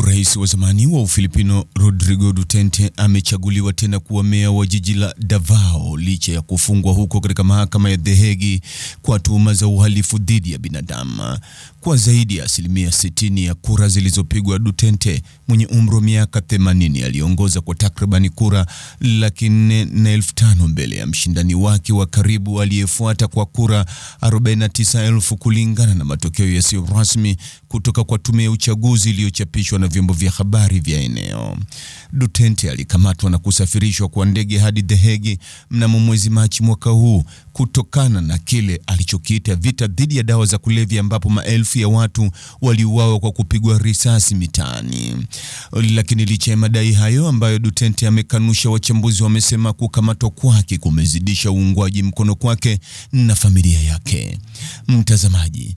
Rais wa zamani wa Ufilipino Rodrigo Duterte amechaguliwa tena kuwa meya wa jiji la Davao licha ya kufungwa huko katika mahakama ya The Hague kwa tuhuma za uhalifu dhidi ya binadamu. Kwa zaidi ya asilimia 60 ya kura zilizopigwa, Duterte mwenye umri wa miaka 80 aliongoza kwa takribani kura laki nne na elfu tano mbele ya mshindani wake wa karibu aliyefuata kwa kura 49,000 kulingana na matokeo yasiyo rasmi kutoka kwa tume ya uchaguzi iliyochapishwa na vyombo vya habari vya eneo. Duterte alikamatwa na kusafirishwa kwa ndege hadi The Hague mnamo mwezi Machi mwaka huu kutokana na kile alichokiita vita dhidi ya dawa za kulevya, ambapo maelfu ya watu waliuawa kwa kupigwa risasi mitaani. Lakini licha ya madai hayo ambayo Duterte amekanusha, wachambuzi wamesema kukamatwa kwake kumezidisha uungwaji mkono kwake na familia yake. Mtazamaji